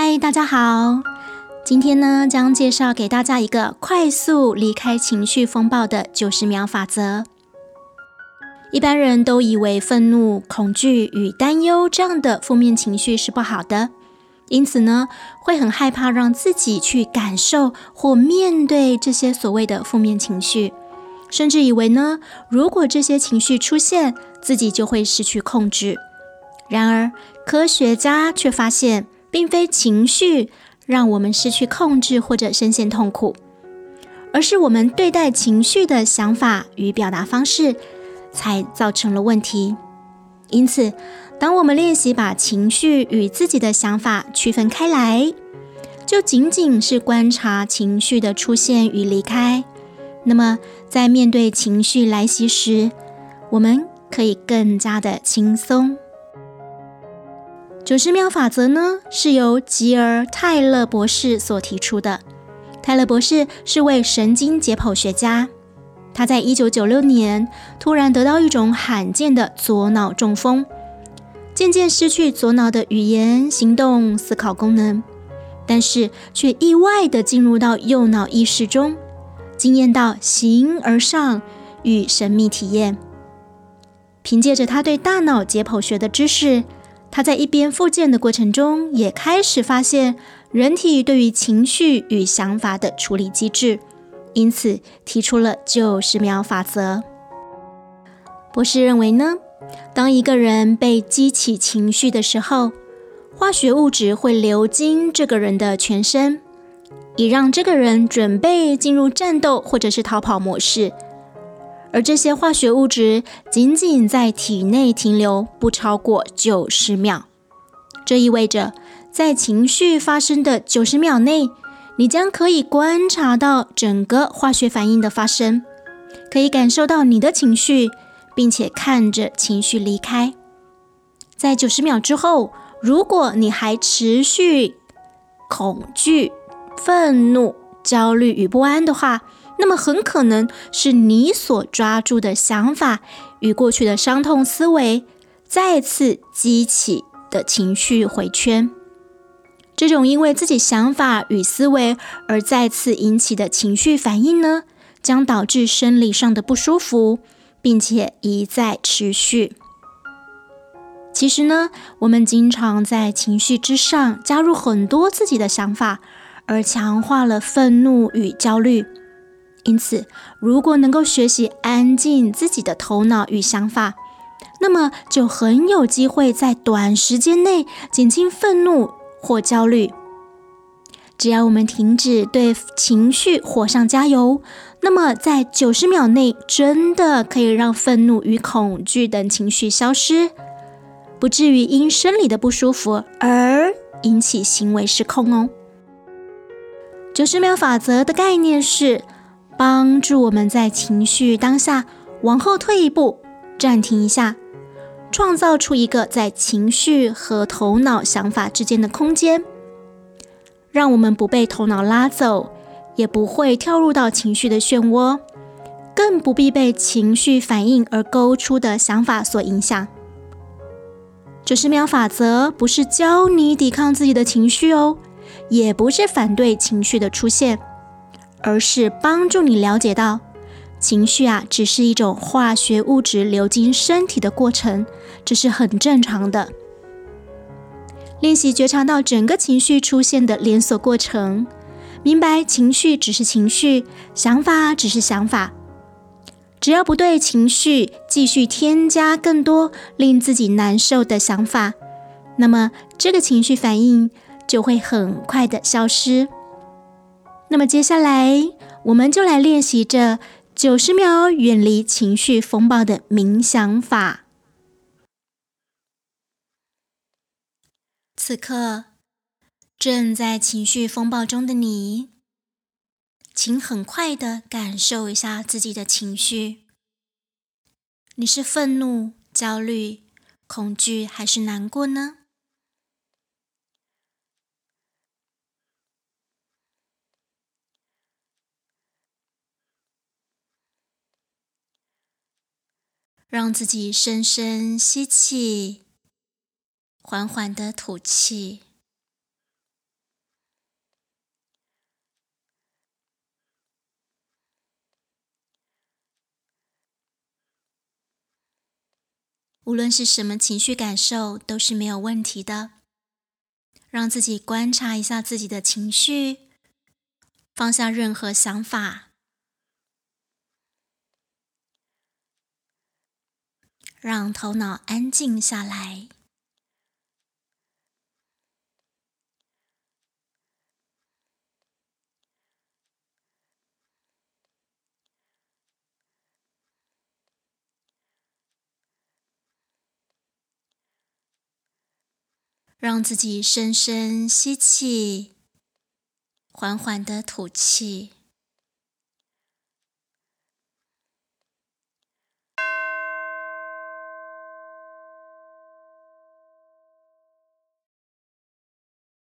嗨，Hi, 大家好。今天呢，將介紹給大家一個快速離開情緒風暴的九十秒法則。一般人都以為憤怒、恐懼與擔憂這樣的負面情緒是不好的，因此呢，會很害怕讓自己去感受或面對這些所謂的負面情緒，甚至以為呢，如果這些情緒出現，自己就會失去控制。然而，科學家卻發現，並非情緒讓我們失去控制或者深陷痛苦，而是我們對待情緒的想法與表達方式才造成了問題。因此，當我們練習把情緒與自己的想法區分開來，就僅僅是觀察情緒的出現與離開，那麼在面對情緒來襲時，我們可以更加的輕鬆。九十秒法則呢，是由吉兒泰勒博士所提出的。泰勒博士是位神經解剖學家，她在一九九六年突然得到一種罕見的左腦中風，漸漸失去左腦的語言、行動、思考功能，但是卻意外地進入到右腦意識中，經驗到形而上與神秘體驗。憑借着她對大腦解剖學的知識。她在一邊復健的過程中，也開始發現人體對於情緒與想法的處理機制，因此提出了九十秒法則。博士認為呢，當一個人被激起情緒的時候，化學物質會流經這個人的全身，以讓這個人準備進入戰鬥或者是逃跑模式。而這些化學物質僅僅在體內停留不超過九十秒，這意味着在情緒發生的九十秒內，你將可以觀察到整個化學反應的發生，可以感受到你的情緒，並且看着情緒離開。在九十秒之後，如果你還持續恐懼、憤怒、焦慮與不安的話，那麼很可能是你所抓住的想法與過去的傷痛思維再次激起的情緒回圈。這種因為自己想法與思維而再次引起的情緒反應呢，將導致生理上的不舒服，並且一再持續。其實呢，我們經常在情緒之上加入很多自己的想法，而強化了憤怒與焦慮。因此，如果能夠學習安靜自己的頭腦與想法，那麼就很有機會在短時間內減輕憤怒或焦慮。只要我們停止對情緒火上加油，那麼在九十秒內真的可以讓憤怒與恐懼等情緒消失，不至於因生理的不舒服而引起行為失控哦。九十秒法則的概念是，幫助我們在情緒當下往後退一步，暫停一下，創造出一個在情緒和頭腦想法之間的空間，讓我們不被頭腦拉走，也不會跳入到情緒的漩渦，更不必被情緒反應而勾出的想法所影響。九十秒法則不是教你抵抗自己的情緒哦，也不是反對情緒的出現。而是幫助你了解到，情緒啊，只是一種化學物質流經身體的過程，這是很正常的。練習覺察到整個情緒出現的連鎖過程，明白情緒只是情緒，想法只是想法。只要不對情緒繼續添加更多令自己難受的想法，那麼這個情緒反應就會很快地消失。那麼接下來，我們就來練習這九十秒遠離情緒風暴的冥想法。此刻正在情緒風暴中的你，請很快地感受一下自己的情緒，你是憤怒、焦慮、恐懼，還是難過呢？讓自己深深吸氣，緩緩地吐氣。無論是什麼情緒感受，都是沒有問題的。讓自己觀察一下自己的情緒，放下任何想法。讓頭腦安靜下來，讓自己深深吸氣，緩緩地吐氣。